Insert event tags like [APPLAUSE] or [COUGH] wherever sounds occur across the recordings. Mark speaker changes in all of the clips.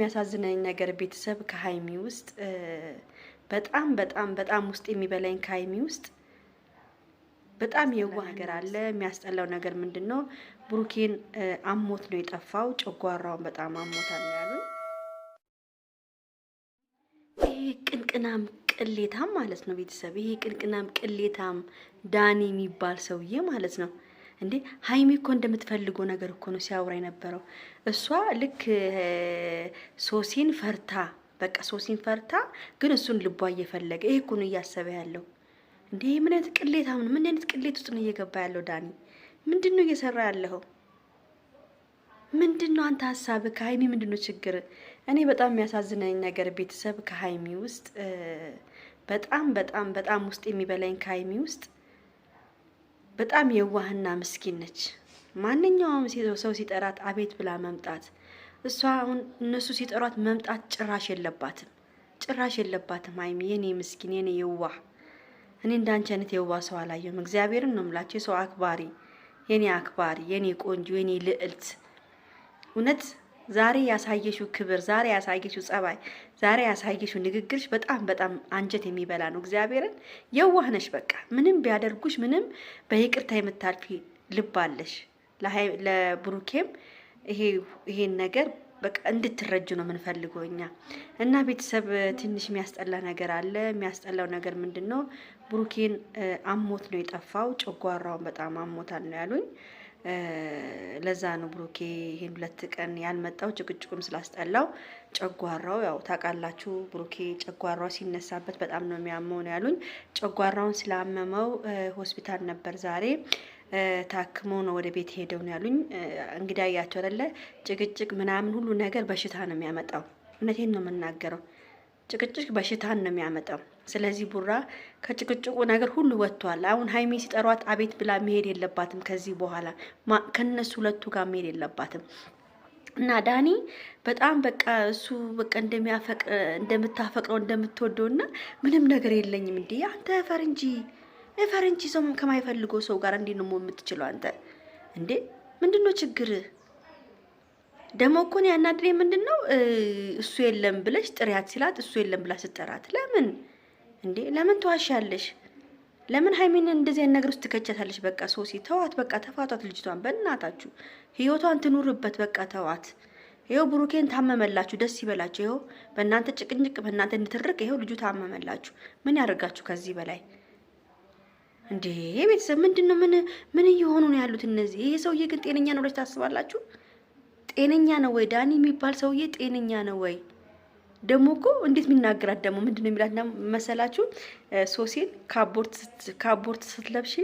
Speaker 1: የሚያሳዝነኝ ነገር ቤተሰብ ከሀይሚ ውስጥ በጣም በጣም በጣም ውስጥ የሚበላኝ ከሀይሚ ውስጥ በጣም የዋ ነገር አለ። የሚያስጠላው ነገር ምንድን ነው? ብሩኬን አሞት ነው የጠፋው። ጨጓራውን በጣም አለ ያሉ ይሄ ቅንቅናም ቅሌታም ማለት ነው ቤተሰብ። ይሄ ቅንቅናም ቅሌታም ዳኒ የሚባል ሰውዬ ማለት ነው እንዴ ሀይሚ እኮ እንደምትፈልገው ነገር እኮ ነው ሲያወራ የነበረው። እሷ ልክ ሶሲን ፈርታ በቃ ሶሲን ፈርታ፣ ግን እሱን ልቧ እየፈለገ ይሄ እኮ ነው እያሰበ ያለው። እንዴ ምን አይነት ቅሌት አሁን ምን አይነት ቅሌት ውስጥ ነው እየገባ ያለው ዳኒ? ምንድን ነው እየሰራ ያለው? ምንድን ነው አንተ ሀሳብ ከሀይሚ ምንድን ነው ችግር? እኔ በጣም የሚያሳዝነኝ ነገር ቤተሰብ ከሀይሚ ውስጥ በጣም በጣም በጣም ውስጥ የሚበላኝ ከሀይሚ ውስጥ በጣም የዋህና ምስኪን ነች። ማንኛውም ሰው ሲጠራት አቤት ብላ መምጣት እሷ አሁን እነሱ ሲጠሯት መምጣት ጭራሽ የለባትም ጭራሽ የለባትም። ሀይሚ የኔ ምስኪን የኔ የዋህ እኔ እንዳንቺ አይነት የዋህ ሰው አላየሁም። እግዚአብሔርን ነው የምላቸው የሰው አክባሪ የኔ አክባሪ የኔ ቆንጆ የኔ ልዕልት እውነት ዛሬ ያሳየሽው ክብር፣ ዛሬ ያሳየሽው ጸባይ፣ ዛሬ ያሳየሽው ንግግርሽ በጣም በጣም አንጀት የሚበላ ነው። እግዚአብሔርን ነሽ። በቃ ምንም ቢያደርጉሽ ምንም በይቅርታ የምታልፊ ልብ አለሽ። ለብሩኬም ይሄን ነገር በቃ እንድትረጁ ነው የምንፈልገው እኛ እና ቤተሰብ። ትንሽ የሚያስጠላ ነገር አለ። የሚያስጠላው ነገር ምንድን ነው? ብሩኬን አሞት ነው የጠፋው። ጨጓራውን በጣም አሞታል ነው ያሉኝ። ለዛ ነው ብሩኬ ይሄን ሁለት ቀን ያልመጣው ጭቅጭቁም ስላስጠላው ጨጓራው ያው ታውቃላችሁ፣ ብሩኬ ጨጓራው ሲነሳበት በጣም ነው የሚያመው ነው ያሉኝ። ጨጓራውን ስላመመው ሆስፒታል ነበር ዛሬ ታክሞ ነው ወደ ቤት ሄደው ነው ያሉኝ። እንግዲህ አያቸው አይደለ ጭቅጭቅ ምናምን ሁሉ ነገር በሽታ ነው የሚያመጣው። እውነቴን ነው የምናገረው። ጭቅጭቅ በሽታን ነው የሚያመጣው። ስለዚህ ቡራ ከጭቅጭቁ ነገር ሁሉ ወጥቷል። አሁን ሀይሚ ሲጠሯት አቤት ብላ መሄድ የለባትም። ከዚህ በኋላ ከነሱ ሁለቱ ጋር መሄድ የለባትም እና ዳኒ በጣም በቃ እሱ በቃ እንደምታፈቅረው እንደምትወደው እና ምንም ነገር የለኝም እንዲ አንተ ፈረንጂ ፈረንጂ ሰው ከማይፈልገው ሰው ጋር እንዲ ነው የምትችለው አንተ እንዴ ምንድን ነው ችግር? ደግሞ እኮን ያናድሬ ምንድን ነው እሱ የለም ብለሽ ጥሪያት ሲላት እሱ የለም ብላ ስጠራት ለምን እንዴ ለምን ትዋሻለሽ? ለምን ሀይሚን እንደዚህ አይነት ነገር ውስጥ ትከቻታለሽ? በቃ ሶሲ ተዋት፣ በቃ ተፋቷት ልጅቷን፣ በእናታችሁ ህይወቷን ትኑርበት፣ በቃ ተዋት። ይኸው ብሩኬን ታመመላችሁ፣ ደስ ይበላችሁ። ይኸው በእናንተ ጭቅንጭቅ፣ በእናንተ እንትርቅ፣ ይኸው ልጁ ታመመላችሁ። ምን ያደርጋችሁ ከዚህ በላይ እንዴ? ቤተሰብ ምንድን ነው? ምን ምን እየሆኑ ነው ያሉት እነዚህ? ይሄ ሰውዬ ግን ጤነኛ ነው ብላችሁ ታስባላችሁ? ጤነኛ ነው ወይ ዳኒ የሚባል ሰውዬ ጤነኛ ነው ወይ? ደግሞ እኮ እንዴት የሚናገራት ደግሞ ምንድን ነው የሚላት መሰላችሁ? ሶሴን ከአቦርት ስትለብሽ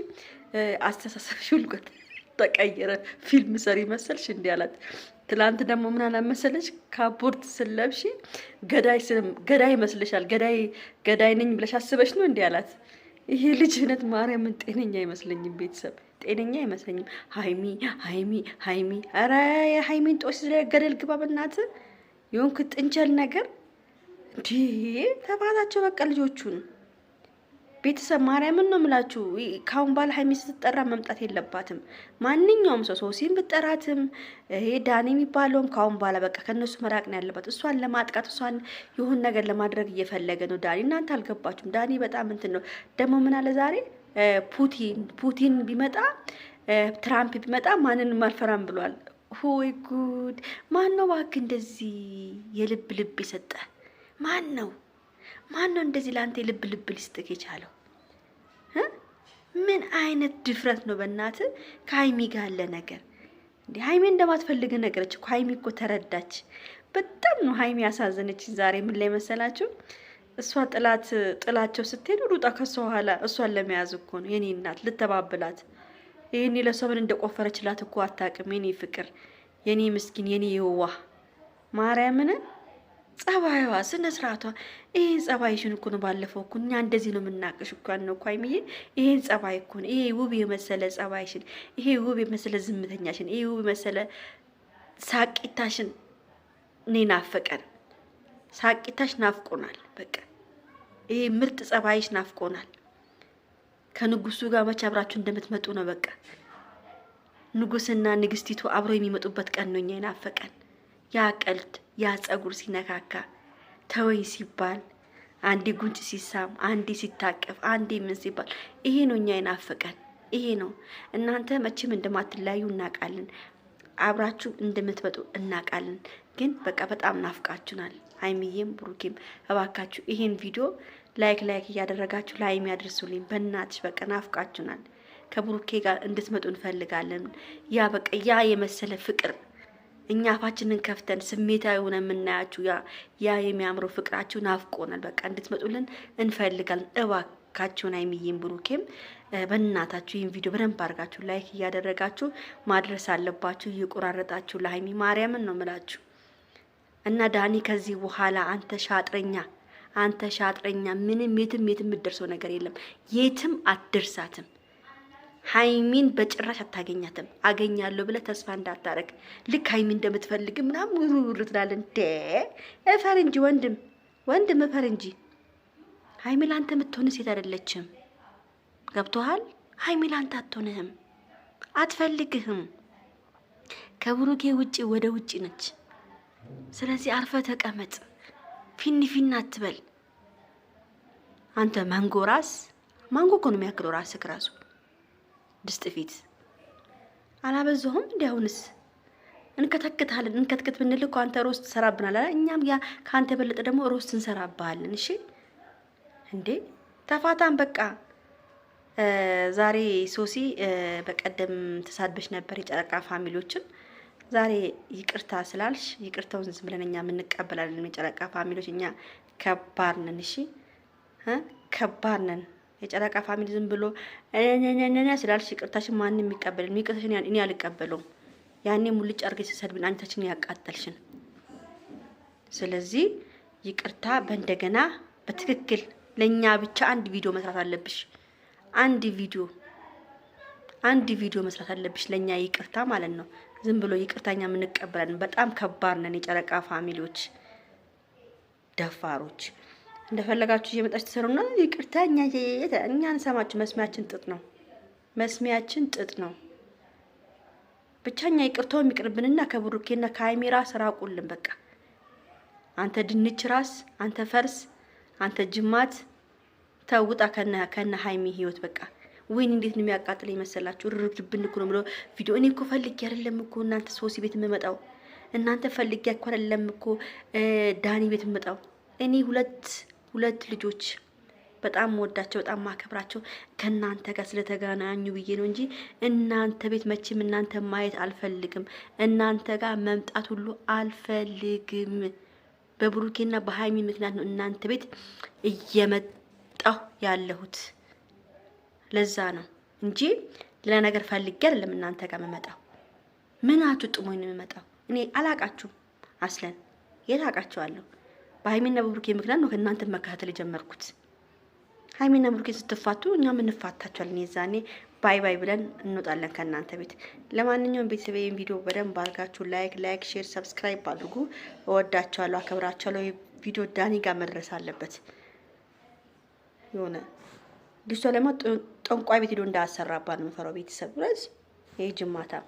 Speaker 1: አስተሳሰብሽ ውልቆት [LAUGHS] ተቀየረ፣ ፊልም ሰሪ መሰልሽ እንዲህ አላት። ትላንት ደግሞ ምን አላት መሰለሽ? ከአቦርት ስትለብሺ ገዳይ ይመስልሻል፣ ገዳይ ገዳይ ነኝ ብለሽ አስበሽ ነው እንዲህ አላት። ይሄ ልጅ እውነት ማርያምን ጤነኛ አይመስለኝም። ቤተሰብ ጤነኛ አይመስለኝም። ሀይሚ ሀይሚ ሀይሚ ኧረ የሀይሚን ጦስ ገደል ግባ በእናትህ የሆንክ ጥንቸል ነገር እንዲ ተባታቸው በቃ ልጆቹን ቤተሰብ ማርያምን ነው የምላችሁ። ካሁን ባል ሀይሚ ስትጠራ መምጣት የለባትም። ማንኛውም ሰው ሶሲን ብጠራትም ይሄ ዳኒ የሚባለውም ካሁን በኋላ በቃ ከእነሱ መራቅ ነው ያለባት። እሷን ለማጥቃት እሷን ይሁን ነገር ለማድረግ እየፈለገ ነው ዳኒ። እናንተ አልገባችሁም። ዳኒ በጣም እንትን ነው ደግሞ ምን አለ ዛሬ ፑቲን ፑቲን ቢመጣ ትራምፕ ቢመጣ ማንንም አልፈራም ብሏል። ሆይ ጉድ! ማን ነው እባክህ እንደዚህ የልብ ልብ የሰጠ ማን ነው ማን ነው እንደዚህ ለአንተ ልብ ልብ ሊስጥክ የቻለው? ምን አይነት ድፍረት ነው በእናት ከሀይሚ ጋር ያለ ነገር እንዴ? ሀይሚ እንደማትፈልግ ነገረች እኮ ሀይሚ እኮ ተረዳች። በጣም ነው ሀይሚ ያሳዘነች። ዛሬ ምን ላይ መሰላችሁ? እሷ ጥላት ጥላቸው ስትሄድ ሩጣ ከሷ በኋላ እሷን ለመያዝ እኮ ነው የኔ እናት ልተባብላት። ይህኔ ለእሷ ምን እንደቆፈረችላት እኮ አታውቅም። የኔ ፍቅር፣ የኔ ምስኪን፣ የኔ የዋህ ማርያምን ጸባይዋ ስነ ስርዓቷ ይሄን ጸባይሽን እኮ ነው። ባለፈው እኮ እኛ እንደዚህ ነው የምናቅሽ እኮ ያን ነው እኮ አይምዬ፣ ይሄን ጸባይ እኮ ነው። ይሄ ውብ የመሰለ ጸባይሽን፣ ይሄ ውብ የመሰለ ዝምተኛሽን፣ ይሄ ውብ የመሰለ ሳቂታሽን እኔ ናፈቀን። ሳቂታሽ ናፍቆናል። በቃ ይሄ ምርጥ ጸባይሽ ናፍቆናል። ከንጉሱ ጋር መቼ አብራችሁ እንደምትመጡ ነው። በቃ ንጉስና ንግስቲቱ አብረው የሚመጡበት ቀን ነው እኛ የናፈቀን። ያ ቀልድ፣ ያ ጸጉር ሲነካካ ተወይ ሲባል አንዴ ጉንጭ ሲሳም፣ አንዴ ሲታቀፍ፣ አንዴ ምን ሲባል ይሄ ነው እኛ ይናፈቀን። ይሄ ነው እናንተ መቼም እንደማትለያዩ እናውቃለን። አብራችሁ እንደምትመጡ እናውቃለን። ግን በቃ በጣም ናፍቃችሁናል። ሀይሚዬም ብሩኬም እባካችሁ ይሄን ቪዲዮ ላይክ ላይክ እያደረጋችሁ ለሀይሚ ያድርሱልኝ። በእናትሽ በቃ ናፍቃችሁናል። ከብሩኬ ጋር እንድትመጡ እንፈልጋለን። ያ በቃ ያ የመሰለ ፍቅር እኛ አፋችንን ከፍተን ስሜታዊ ሆነ የምናያችሁ ያ የሚያምረው ፍቅራችሁ ናፍቆናል። በቃ እንድትመጡልን እንፈልጋለን። እባካችሁን አይሚዬም ብሩኬም በእናታችሁ ይህን ቪዲዮ በደንብ አድርጋችሁ ላይክ እያደረጋችሁ ማድረስ አለባችሁ። እየቆራረጣችሁ ለሀይሚ ማርያምን ነው ምላችሁ እና ዳኒ ከዚህ በኋላ አንተ ሻጥረኛ አንተ ሻጥረኛ ምንም የትም የትም የምትደርሰው ነገር የለም። የትም አትደርሳትም። ሀይሚን በጭራሽ አታገኛትም። አገኛለሁ ብለህ ተስፋ እንዳታረግ። ልክ ሀይሚ እንደምትፈልግ ምናምን ውር ትላለህ። እንደ ፈረንጂ ወንድም ወንድም ፈረንጂ ሀይሚ ላንተ የምትሆን ሴት አይደለችም። ገብቶሃል? ሀይሚ ላንተ አትሆንህም፣ አትፈልግህም። ከብሩኬ ውጪ ወደ ውጪ ነች። ስለዚህ አርፈ ተቀመጥ። ፊኒ ፊና አትበል። አንተ ማንጎ ራስ ማንጎ እኮ ነው የሚያክለው ራስህ ራሱ ድስት ፊት አላበዛሁም። እንዲያውንስ አሁንስ እንከተክታለን። እንከትክት ብንል እኮ አንተ ሮስት ትሰራብናል። እኛም ያ ከአንተ የበለጠ ደግሞ ሮስት እንሰራብሃለን። እሺ እንዴ ተፋታን በቃ። ዛሬ ሶሲ በቀደም ተሳድበሽ ነበር የጨረቃ ፋሚሊዎችን ዛሬ ይቅርታ ስላልሽ ይቅርታውን ዝም ብለን እኛ የምንቀበላለን። የጨረቃ ፋሚሊዎች እኛ ከባድ ነን። እሺ ከባድ ነን። የጨረቃ ፋሚሊ ዝም ብሎ እኔ ስላልሽ ይቅርታሽን ማንም የሚቀበል ይቅርታሽን እኔ አልቀበለውም። ያኔ ሙልጭ አድርገሽ ስትሰድብን አንቺታችን ያቃጠልሽን። ስለዚህ ይቅርታ በእንደገና በትክክል ለእኛ ብቻ አንድ ቪዲዮ መስራት አለብሽ። አንድ ቪዲዮ አንድ ቪዲዮ መስራት አለብሽ ለእኛ ይቅርታ ማለት ነው። ዝም ብሎ ይቅርታኛ የምንቀበላለን። በጣም ከባድ ነን። የጨረቃ ፋሚሊዎች ደፋሮች እንደፈለጋችሁ እየመጣች ትሰሩና ይቅርታ እኛ እኛ አንሰማችሁ። መስሚያችን ጥጥ ነው። መስሚያችን ጥጥ ነው። ብቻ እኛ ይቅርታው የሚቅርብንና ከብሩኬና ከሀይሚ ራስ ራቁልን። በቃ አንተ ድንች ራስ፣ አንተ ፈርስ፣ አንተ ጅማት ተውጣ ከነ ሀይሚ ህይወት በቃ ወይን እንዴት ነው የሚያቃጥል የመሰላችሁ? ርርድብን እኮ ነው ብሎ ቪዲዮ እኔ እኮ ፈልጌ አይደለም እኮ እናንተ ሶሲ ቤት የምመጣው እናንተ ፈልጌ አይደለም እኮ ዳኒ ቤት የምመጣው እኔ ሁለት ሁለት ልጆች በጣም ወዳቸው በጣም ማከብራቸው ከእናንተ ጋር ስለተገናኙ ብዬ ነው እንጂ እናንተ ቤት መቼም እናንተ ማየት አልፈልግም። እናንተ ጋር መምጣት ሁሉ አልፈልግም። በብሩኬና በሀይሚ ምክንያት ነው እናንተ ቤት እየመጣሁ ያለሁት። ለዛ ነው እንጂ ሌላ ነገር ፈልጌ አይደለም እናንተ ጋር የምመጣው። አቱ ጥሞኝ ነው የምመጣው? እኔ አላቃችሁም። አስለን የት አውቃችኋለሁ? በሀይሜና በብሩኬ ምክንያት ነው ከእናንተ መከታተል የጀመርኩት። ሀይሜና ብሩኬን ስትፋቱ እኛም እንፋታቸዋለን። የዛኔ ባይ ባይ ብለን እንወጣለን ከእናንተ ቤት። ለማንኛውም ቤተሰብ ይህን ቪዲዮ በደንብ አድርጋችሁ ላይክ ላይክ ሼር ሰብስክራይብ አድርጉ። እወዳቸዋለሁ፣ አከብራቸዋለሁ። ቪዲዮ ዳኒ ጋር መድረስ አለበት። የሆነ ልጅቷ ለማ ጠንቋይ ቤት ሄዶ እንዳያሰራባት ነው የምፈራው ቤተሰብ ረዝ ይህ ጅማታ